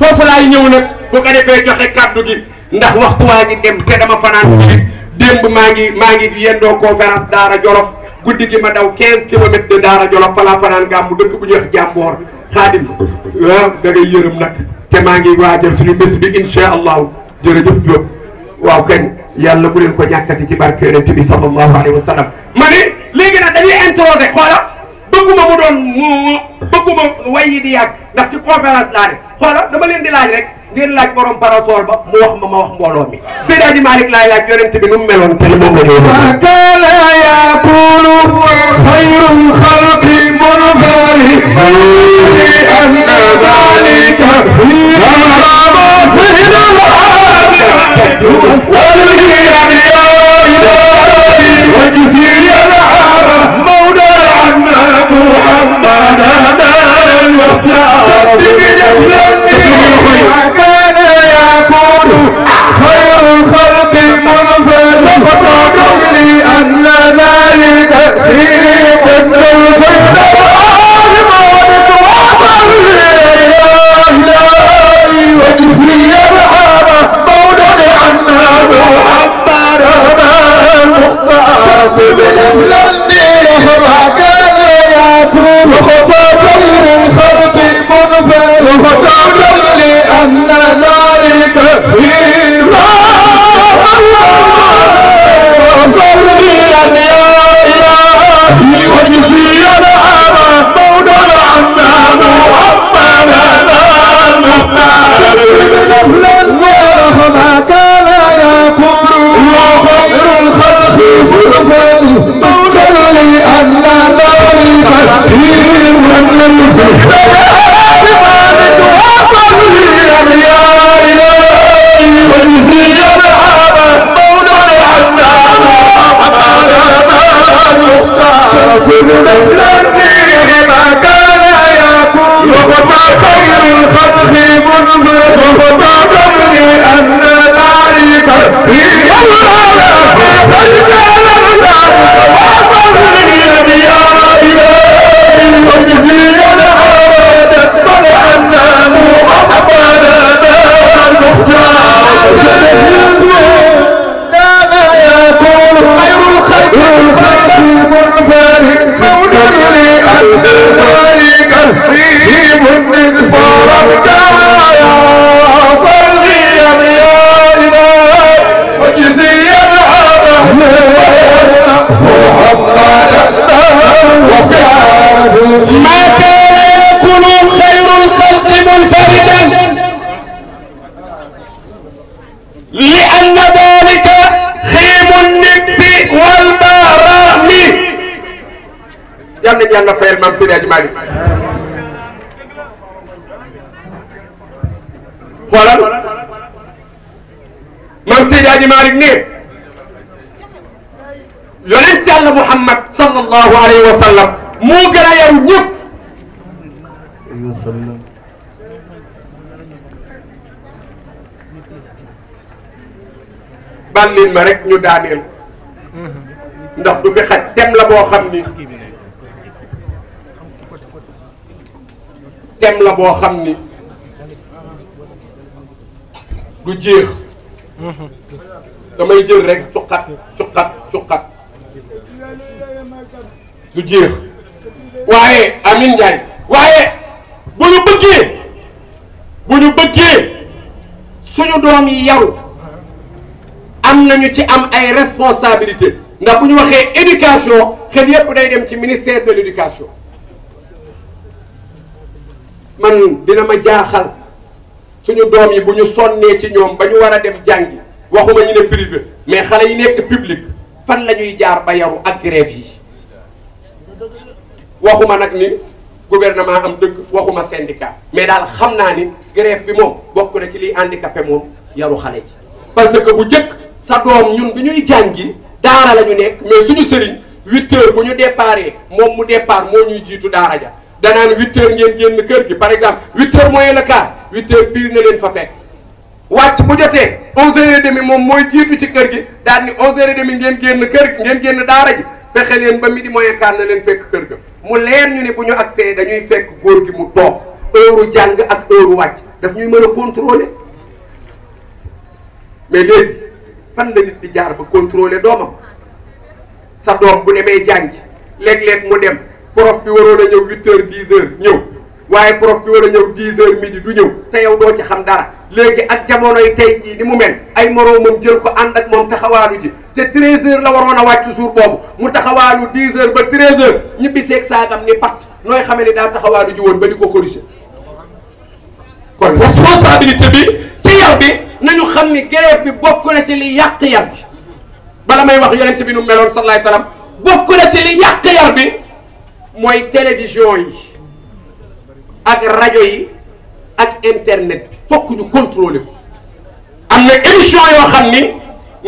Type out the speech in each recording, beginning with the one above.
foofu laay ñëw nag bu ko defee joxe kàddu gi ndax waxtu waa ngi dem te dama fanaan i démb maa ngi maa ngi yendoo conférence Daara Jolof guddi gi ma daw 15 kilomètres de Daara Jolof falaa fanaan gàmmu dëkk bu ñuy wax jàmboor xaadim waaw da ngay yërëm te maa ngi waajal suñu bés bi insha allahu jërëjëf Diop waaw kañ yàlla bu leen ko ñàkkati ci barke yonent bi sallallahu alayhi wa sallam ma ne léegi nag bëgguma mu doon mu bëgguma way yi di yàgg ndax ci conférence laa ne xoola dama leen di laaj rek ngeen laaj borom parasol ba mu wax ma ma wax mbooloo mi Seydi Hadji Malick laay laaj yonent bi nu mu meloon te li moom la doon ma kaana yaqulu xayrul xalqi munfari li anna dalika li ma Seydil Hadji لأن ذلك خيم النبس والبارام يلا يلا فير يا جماعة أجمالي فوالا مام سيدي أجمالي نير يلن سيال محمد صلى الله عليه وسلم موكرا يوجد أيوه سلم baal ma rek ñu daaneel ndax du fi xaj tem la boo xam ni tem la boo xam ni du jeex damay jël rek cuqat cuqat cuqat du jeex waaye Amine Ndiaye waaye bu ñu bëggee bu ñu bëggee suñu doom yi yaru am na ñu ci am ay responsabilité ndax bu ñu waxee éducation xel yépp day dem ci ministère de l'éducation man dina ma jaaxal suñu doom yi bu ñu sonnee ci ñoom ba ñu war a dem jàngi waxuma ñu ne privé mais xale yi nekk public fan la ñuy jaar ba yaru ak grève yi waxuma nag ni gouvernement am dëgg waxuma syndicat mais daal xam naa ni grève bi moom bokk na ci liy handicapé moom yaru xale yi parce que bu njëkk sa doom ñun bi ñuy jàngi la mais suñu sëriñ huit heures bu déparé moom mu départ moo ñuy jiitu daara ja danaan huit heures ngeen génn kër gi par exemple 8 heures le 8 heures biir na leen fa fekk wàcc 11 heures et demi moom mooy ci kër gi ni onze heures et demi ngeen kër gi ngeen génn daara ji leen ba midi na leen fekk kër ga mu leer ñu ne accès dañuy fekk góor gi mu toog heure jàng ak heure wàcc daf ñuy contrôler mais léegi fan la nit di jaar ba contrôler doomam sa doom bu demee jàngi léeg-léeg mu dem prof bi waroon a ñëw huit heures dix heures ñëw waaye prof bi war a ñëw dix heures midi du ñëw te yow doo ci xam dara léegi ak jamonoy tey jii ni mu mel ay moroomam jël ko ànd ak moom taxawaalu ji te treize heures la waroon a wàcc suur boobu mu taxawaalu dix heures ba treize heures ñibbi seeg saagam ni pat nooy xamee ne daa taxawaalu ji woon ba di ko corriger kon responsabilité bi nañu xam ni grève bi bokk na ci li yàq yar bi bala may wax yonent bi nu meloon sallallahu alayhi wasallam bokk na ci li yàq yar bi mooy télévision yi ak rajo yi ak internet bi fokk ñu contrôler ko am na émission yoo xam ni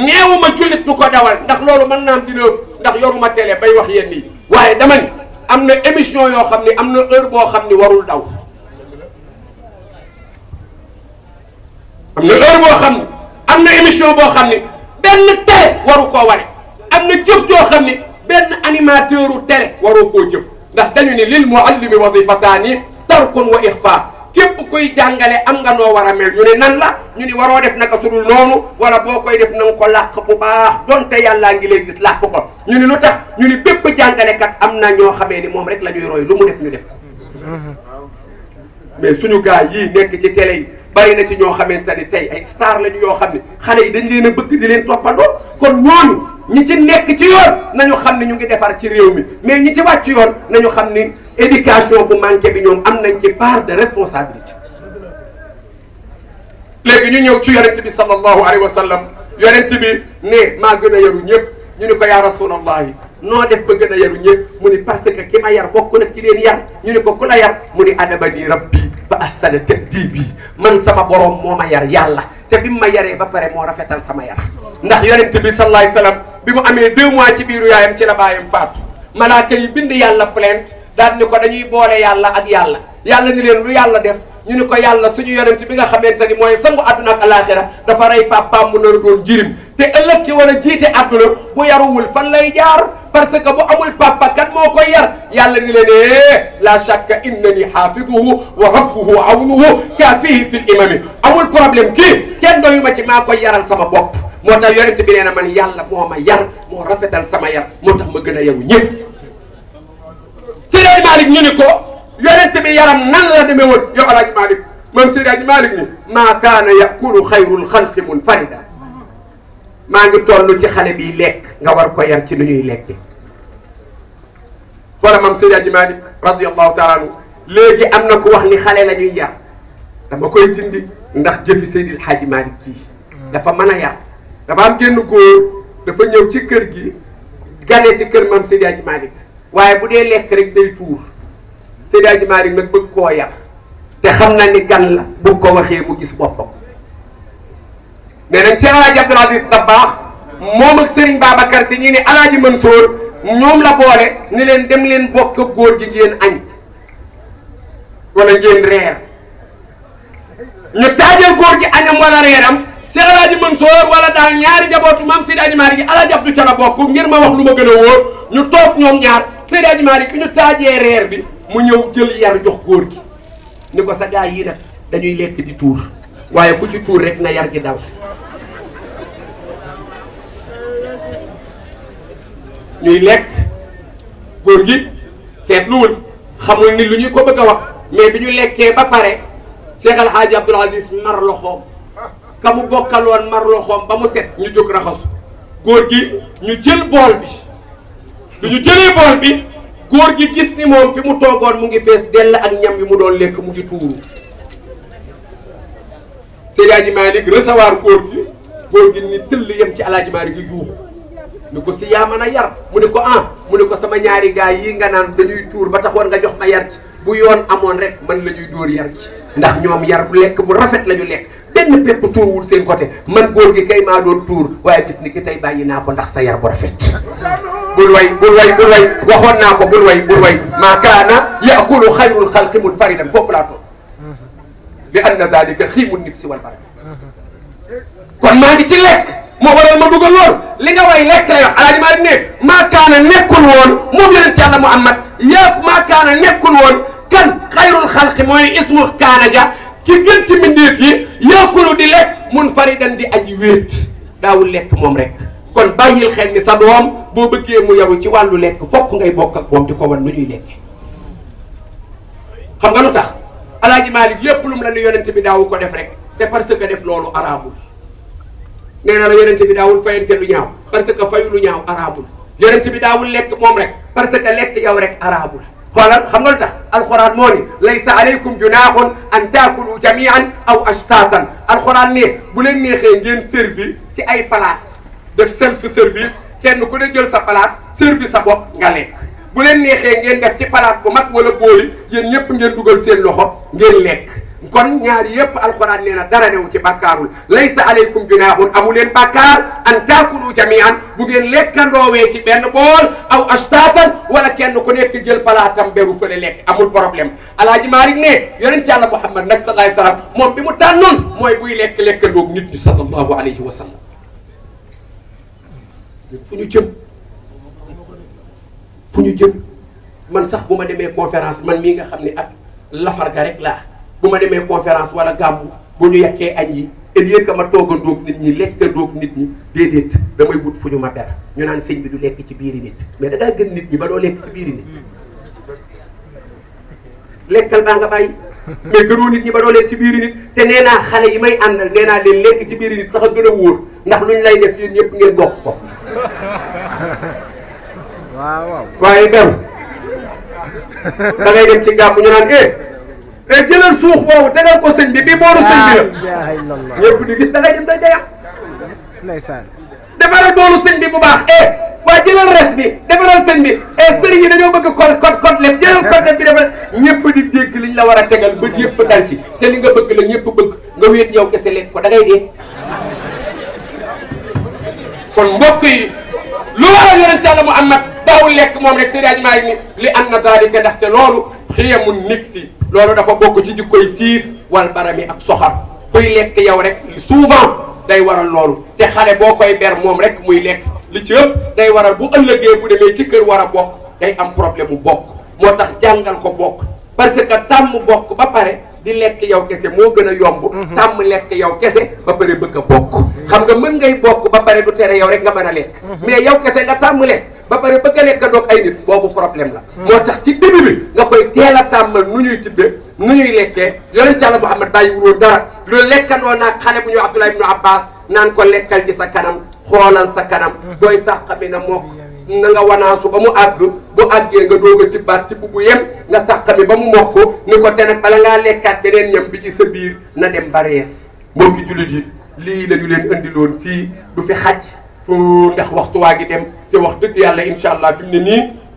neewuma jullit du ko dawal ndax loolu mën naa am dina ndax yoruma télé bay wax yenn yi waaye dama ni am na émission yoo xam ni am na heure boo xam ni warul daw am na heure boo xam ne am na émission boo xam ne benn télé waru koo wane am na jëf joo xam ne benn animateur u télé waru koo jëf ndax dañu ne lil muallimi wadifataani tarkun wa ixfa képp koy jàngale am nga noo war a mel ñu ne nan la ñu ne waroo def naka sudul noonu wala boo koy def na nga ko làq bu baax donte yàllaa ngi lay gis làq ko ñu ne lu tax ñu ne bépp jàngalekat am na ñoo xamee ni moom rek la ñuy roy lu mu def ñu def ko mais suñu gars yii nekk ci télé yi bari na ci ñoo xamante ni tey ay star lañu yoo xam ne xale yi dañ leen a bëgg di leen toppandoo kon ñooñu ñi ci nekk ci yoon ñu xam ne ñu ngi defar ci réew mi mais ñi ci wàcc yoon nañu xam ni éducation bu manqué bi ñoom am nañ ci part de responsabilité léegi ñu ñëw ci yonent bi sallallahu alayhi wa sallam yonent bi ne maa gën a yaru ñëpp ñu ni ko yaa rasulallahi noo def bëgg gën yaru ñëpp mu ni parce que ki ma yar bokk na ki leen yar ñu ne ko ku la yar mu ni adabani rabbi ba ahsana bii man sama borom moo ma yar yàlla te bi mu ma yaree ba pare moo rafetal sama yar ndax yonent bi sallallahu alayhi wasallam bi mu amee deux mois ci biiru yaayam ci la baayam faatu malaaka yi bind yàlla plainte daal ni ko dañuy boole yàlla ak yàlla yàlla ni leen lu yàlla def ñu ni ko yàlla suñu yonent bi nga xamante ni mooy sangu àdduna ak alaxira dafa rey papaam mu nar doon jirim te ëllëg ki war a jiite àdduna bu yaruwul fan lay jaar parce que bu amul papa kat moko yar yàlla ngi leen ee la shakka innani xaafiduhu wa rabbuhu awnuhu kafihi fil imami amul problème ki ken doyu ma ci mako yaral sama bop motax tax yonent bi neena man yàlla moma yar mo rafetal sama yar motax ma gën a yow ñëpp Seydi malik ñu ni ko yonent bi yaram nan la demee woon yoxalaaj Malick moom Seydi malik ni ma kana yakunu khayrul khalqi munfarida maa ngi toll ci xale bi lekk nga war ko yar ci nu ñuy lekke boromam Seydi Hadji Malick radiallahu taala anhu léegi am na ku wax ni xale la ñuy yar dama koy dindi ndax jëfi Seydi Hadji Malick ci dafa mën a yar dafa am génn góor dafa ñëw ci kër gi gane si kër mam Seydi Hadji Malick waaye bu dee lekk rek day tuur Seydi Hadji Malick nag bëgg koo yar te xam na ni gan la bu ko waxee mu gis boppam nee nañ Cheikh El Hadj Abdoul Aziz Dabakh moom ak Serigne Babacar si ñii ne El Hadj Mansour ñoom la boole ni leen dem leen bokk góor gi ngeen añ wala ngeen reer ñu taajal góor gi añam wala reeram Cheikh El Hadj Mansour wala daal ñaari jabootu maam Seydi Hadji Malick gi El Hadj Abdou ca la bokk ngir ma wax lu ma gën a wóor ñu toog ñoom ñaar Seydi Hadji Malick ki ñu taajee reer bi mu ñëw jël yar jox góor gi ni ko sa gaay yi nag dañuy lekk di tuur. waaye ku ci tuur rek na yar gi dal ñuy lekk góor gi seetluwul xamul ni lu ñuy ko bëgg a wax mais bi ñu lekkee ba pare Cheikh El Hadj Abdoul Aziz mar loxoom ka mu bokkaloon mar loxoom ba mu set ñu jóg raxasu góor gi ñu jël bool bi du ñu jëlee bool bi góor gi gis ni moom fi mu toogoon mu ngi fees dell ak ñam bi mu doon lekk mu ngi tuuru Seydi Hadji Malick recevoir góor gi góor gi ni tëll yem ci Alaaji Malick gi yuuxu ni ko si yaa mën a yar mu ne ko ah mu ne ko sama ñaari gaa yi nga naan dañuy tuur ba taxoon nga jox ma yar ci bu yoon amoon rek man la ñuy dóor yar ci ndax ñoom yar bu lekk bu rafet la ñu lekk benn pepp wul seen côté man góor gi kay maa doon tuur waaye bis ni ki tey bàyyi naa ko ndax sa yar bu rafet bul way bul way bul way waxoon naa ko bul way bul way maa kaana yakulu xayrul xalqi mun faridan foofu laa li anna dalika xiimu nit si wal baraka kon maa ngi ci lekk moo ma dugal lool li nga way lekk lay wax alaaji maa di ne maa kaana nekkul woon moom yonent yàlla Muhammad yaa maa kaana nekkul woon kan kaana ja ki gën ci mbindeef yi yaakulu di lekk mun faridan di aji wéet daawul lekk moom rek kon bàyyil xel ni sa doom boo mu yow ci wàllu lekk fokk ngay bokk ak moom di ko wan nu ñuy lekk xam nga lu tax alaaji Malick lépp lum la nu yonent bi daawu ko def rek te parce que def loolu araamul nee na la yonent bi daawul fayante lu ñaaw parce que fayu lu ñaaw araamul yonent bi daawul lekk moom rek parce que lekk yow rek araamul xoolal xam nga lu tax alxuraan moo ni laysa aleykum junaaxun an taakulu jamian aw ashtaatan alxuraan ne bu leen neexee ngeen servi ci ay palaat def self service kenn ku ne jël sa palaat servi sa bop nga lekk bu leen neexee ngeen def ci palaat bu mag wala booli yéen ñëpp ngeen dugal seen loxo ngeen lekk kon ñaari yëpp alxuraan nee na dara newu ci bàkkaarul laysa aleykum junaahun amu leen bàkkaar an taakulu jamian bu ngeen lekkandoowee ci benn bool aw ashtaatan wala kenn ku nekk jël palaatam beru fële lekk amul problème alaaji Maalik ne yonent yàlla Muhammad nag sallallahu alayhi wa sallam moom bi mu tànnoon mooy buy lekk lekkandoog nit ñi sallallahu alayhi wa sallam fu ñu jëm fu ñu jëm man sax bu ma demee conférence man mii nga xam ne ak lafarga rek laa bu ma demee conference wala gàmmu bu ñu yàkkee añ yi au lieu que ma toogandoog nit ñi lekkandoog nit ñi déedéet damay wut fu ñu ma ber ñu naan sëñ bi du lekk ci biiri nit mais da gën nit ñi ba doo lekk ci biiri nit lekkal baa nga bàyyi mais gënoo nit ñi ba doo lekk ci biiri nit te nee naa xale yi may àndal nee naa leen lekk ci biiri nit sax a gën a wóor ndax lu ñu lay def yéen ñëpp ngeen bokk ko waaw waaye beru da ngay dem ci gàmm ñu naan eh. te eh, jëlal suux boobu tegal ko sëñ bi bi booru sëñ bi la. ñëpp di gis da ngay dem day dayam. ndeysaan. defaral boolu sëñ bi bu baax eh waa jëlal res bi defaral sëñ bi eh sëriñ dañoo bëgg col col côtelette jëlal côtelette bi defal ñëpp di dégg liñ la war a tegal ba yëpp dal ci te nga bëgg la ñëpp bëgg nga wéet yow kese lekk ko da ngay dee. kon mbokk yi lu waral yonent Yàlla Muhammad daawul lekk moom rek Seydi Maalik ni li an na daalika ndaxte loolu xiyamun nig si loolu dafa bokk ci ci jikkoy siis wal barami ak soxar kuy lekk yow rek souvent day waral loolu te xale boo koy ber moom rek muy lekk li ci day waral bu ëllëgee bu demee ci kër war a bokk day am problème mu bokk moo tax jàngal ko bokk parce que tàmm bokk ba pare di lekk yow kese moo gën a yomb mhm. tàmm lekk yow kese ba pare bëgg a bokk xam nga mën ngay bokk ba pare du tere yow rek nga mën a lekk mhm. mais yow kese nga tàmm lekk ba pare bëgg a lekk doog ay nit boobu problème la mhm. moo tax ci début bi nga koy teel a tàmmal nu ñuy tibbee nu ñuy lekkee yonent ci Yàlla Muhammad bàyyi wuloon dara lu lekkandoo naag xale bu ñu Abdullah ibnu Abbas naan ko lekkal ci sa kanam xoolal sa kanam dooy sàq bi na moo na nga wanaasu ba mu àgg bu àggee nga doog a tibbaat tibb bu yem nga sàqami ba mu mokk ni ko te nag bala ngaa lekkaat beneen ñam bi ci sa biir na dem ba rees mbokki jullit yi lii la ñu leen andiloon fii du fi xaj ndax waxtu waa gi dem te wax dëgg yàlla incha allah fi ne nii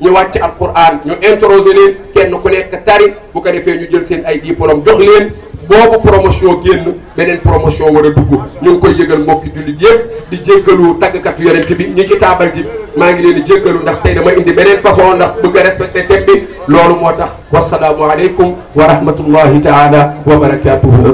ñu wàcc alquran ñu introsé leen kenn ku nekk tari bu ko defee ñu jël seen ay diplôme jox leen boobu promotion génn beneen promotion wara a dugg ñu ngi koy yëgal mbokki jullit yëpp di jéggalu tàggkatu yonent bi ñi ci taabal ji maa ngi leen di jéggalu ndax tey dama indi beneen façon ndax bu a respecté thème bi loolu moo tax wasalaamu aleykum wa rahmatullahi taala wa barakatuhu